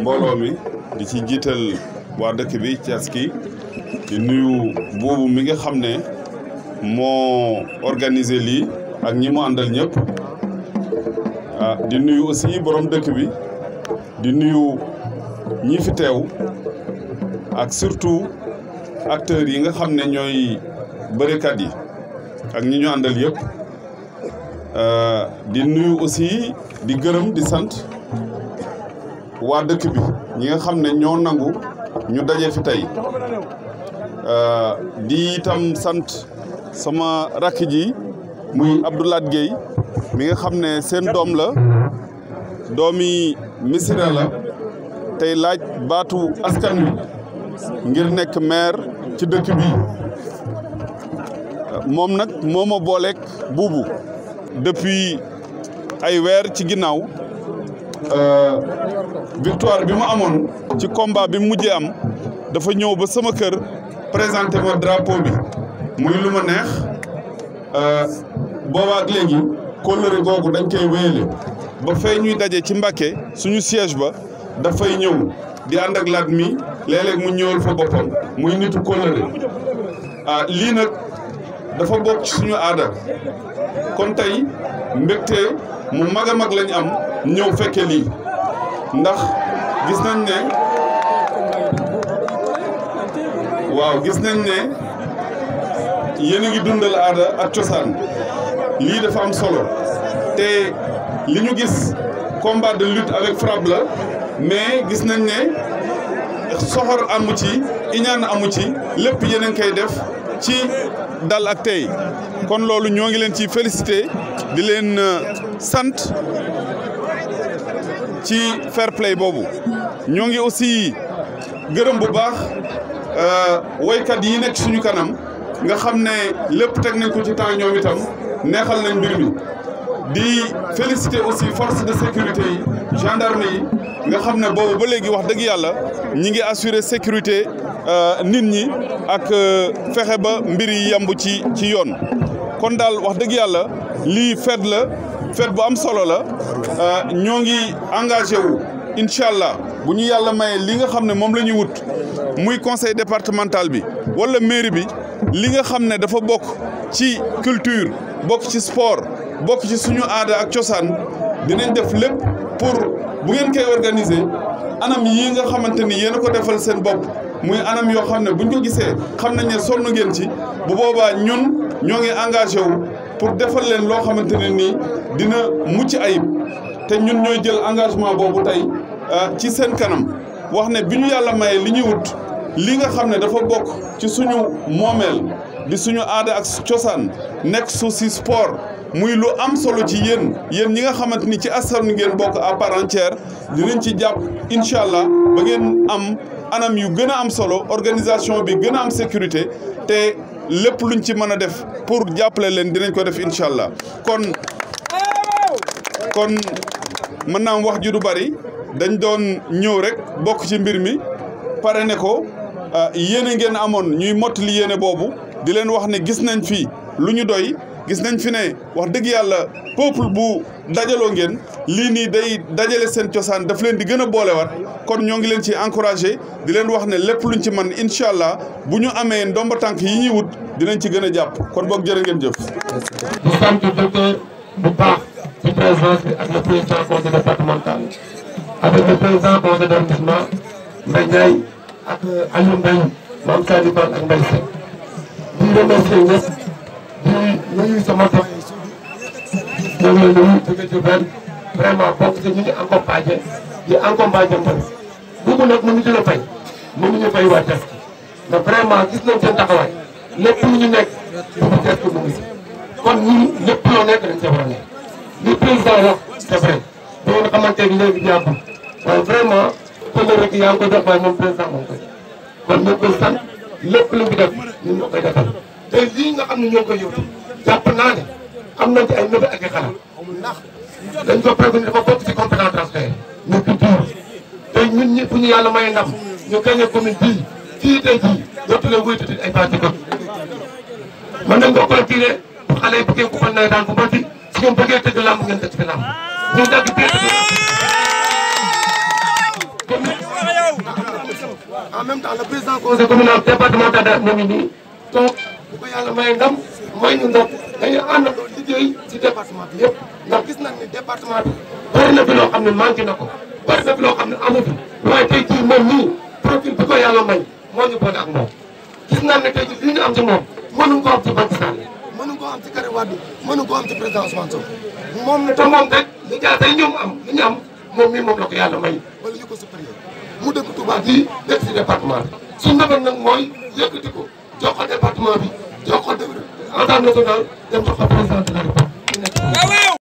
mbooloo mi di ci jiital waa dëkk bi Thiès kii di nuyu boobu mi nga xam ne moo organiser lii ak ñi mu àndal ñëpp ah di nuyu aussi borom dëkk bi di nuyu ñi fi teew ak surtout acteurs yi nga xam ne ñooy bërekat yi ak ñi ñu àndal yëpp ah, di nuyu aussi di gërëm di sant waa dëkk bi ñi nga xam ne ñoo nangu ñu daje fi tey euh, di itam sant sama rakk ji muy Abdoulaat Gueye mi nga xam ne seen doom la doomi misira la tey laaj baatu askan wi ngir nekk maire ci dëkk bi moom nag moo ma booleeg buubu depuis ay weer ci ginnaaw euh, victoire bi mu amoon ci combat bi mu mujjee am dafa ñëw ba sama kër présenté ma drapeau bi muy lu ma neex euh, boobaak léegi kóllëre googu dañ koy wéyale ba fay ñuy daje ci Mbacké suñu siège ba dafay ñëw di ànd ak laat mi léeg-léeg mu ñëwal fa boppam muy nitu kóllëre ah lii nag dafa bokk ci suñu aada kon tey mbégte mu mag a mag lañ am ñëw fekke lii ndax gis nañ ne waaw gis nañ ne yéen a ngi dundal aada ak cosaan lii dafa am solo te li ñu gis combat de lutte avec frappe la mais gis nañ ne soxor amu ci iñaan amu ci lépp yéen a koy def ci dal ak tey kon loolu ñoo ngi leen ci félicité di leen euh, sant ci fair play boobu ñoo ngi aussi gërëm bu baax euh, woykat yi nekk suñu kanam nga xam ne lépp teg nañ ko ci temps ñoom itam neexal nañ mbir mi di féliciter aussi force de sécurité yi gendarme yi nga xam ne boobu ba léegi wax dëgg yàlla ñi ngi assurer sécurité euh, nit ñi ak euh, fexe ba mbir yi yemb ci ci yoon kon daal wax dëgg yàlla lii fête la fête bu am solo la euh, ñoo ngi engagé wu incha allah bu ñu yàlla mayee li nga xam ne moom la ñuy wut muy conseil départemental bi wala mairie bi li nga xam ne dafa bokk ci culture bokk ci sport bokk ci suñu aada ak cosaan dinañ def lépp pour bu ngeen koy organiser anam yii nga xamante ni yéen a ko defal seen bopp muy anam yoo xam ne buñ ko gisee xam nañ ne sonn ngeen ci bu boobaa ñun ñoo ngi engagé wu pour defal leen loo xamante nii dina mucc ayib te ñun ñooy jël engagement boobu tey ah, ci seen kanam wax ne bi ñu yàlla maye li ñuy wut li nga xam ne dafa bokk ci suñu moomeel di suñu aada ak cosaan nekk su si sport muy lu am solo ci yéen yéen ñi nga xamante ni ci askan wi ngeen bokk à part entière dinañ ci jàpp incha allah ba ngeen am anam yu gën a am solo organisation bi gën a am sécurité te lépp luñ ci mën a def pour jàppale leen dinañ ko def incha allah kon mën naa wax ju du bari dañ doon ñëw rek bokk ci mbir mi pare ne ko ah, yéene ngeen amoon ñuy mottali yéene boobu di leen wax ne gis nañ fii lu ñu doy gis nañ fi ne wax dëgg yàlla peuple bu dajaloo ngeen lii nii day dajale seen cosaan daf leen di gën a boolewaat kon ñoo ngi leen ci encouragé di leen wax ne lépp lu luñ ci man incha allah bu ñu amee ndomba tànk yi ñuy wut dinañ ci gën a jàpp kon boog jërë ngeen jëf. ci présidence bi ak le président conseil départemental avec le président conseil d'arrondissement Mbaye Ndiaye ak euh, Aliou Mbaye Mame Sadi ak Mbaye di remercier ñëpp di nuyu sama tool ñoo ngi lay nuyu vraiment bokk ci ñu ngi accompagné di accompagné mbër boobu nag mënuñu ci la fay mënuñu fay waa Tass ndax vraiment gis nañ seen taxawaay ñu nekk bu mu Tass mu ngi si kon lépp loo nekk dañ ca li président wax c' est vrai bu ngeen xamante ni léegi yàggul waaye vraiment pël waaye moom kon ñoo koy sant lépp lu mu def ñun ñoo koy defal te lii nga xam ne ñoo koy yóbbu jàpp naa am nañ ay mébét ak i xalaat ndax dañ ko prévenir dafa bokk ci compétence transfert ñu culture te ñun ñi bu ñu yàlla may ndam ñu gagné commune bii fii tey jii jotu leen wéytati ay parti ko mën nañ ko collecté xale yi bu kee ku fan nawetaan bu bati su ngeen bëggee tëgg làmb ngeen tëgg fi làmb ñu dagg biir tëgg en même temps le président conseil communal départemental de moom it nii donc yàlla may ndam may ñu ci département bi yëpp ndax gis ni département bi na fi loo xam ne manqué na ko bari fi loo xam ne amu fi waaye tey jii moom nii profil bi ko yàlla may moo ñu boole ak moom gis nañ ne tey jii li ñu am ci moom mënuñ ko am ci Macky Sall moo am ci Karim Wade mënu ko am ci président Ousmane Sonko moom la te moom rek li jaata yi ñoom am li ñu moom mii moom la ko yàlla may wala ñu ko supérieur mu dëkk Touba bii dëkk si département bi suñu naban nag mooy yëkkati ko jox ko département bi jox ko ensemble national dem jox ko président de la République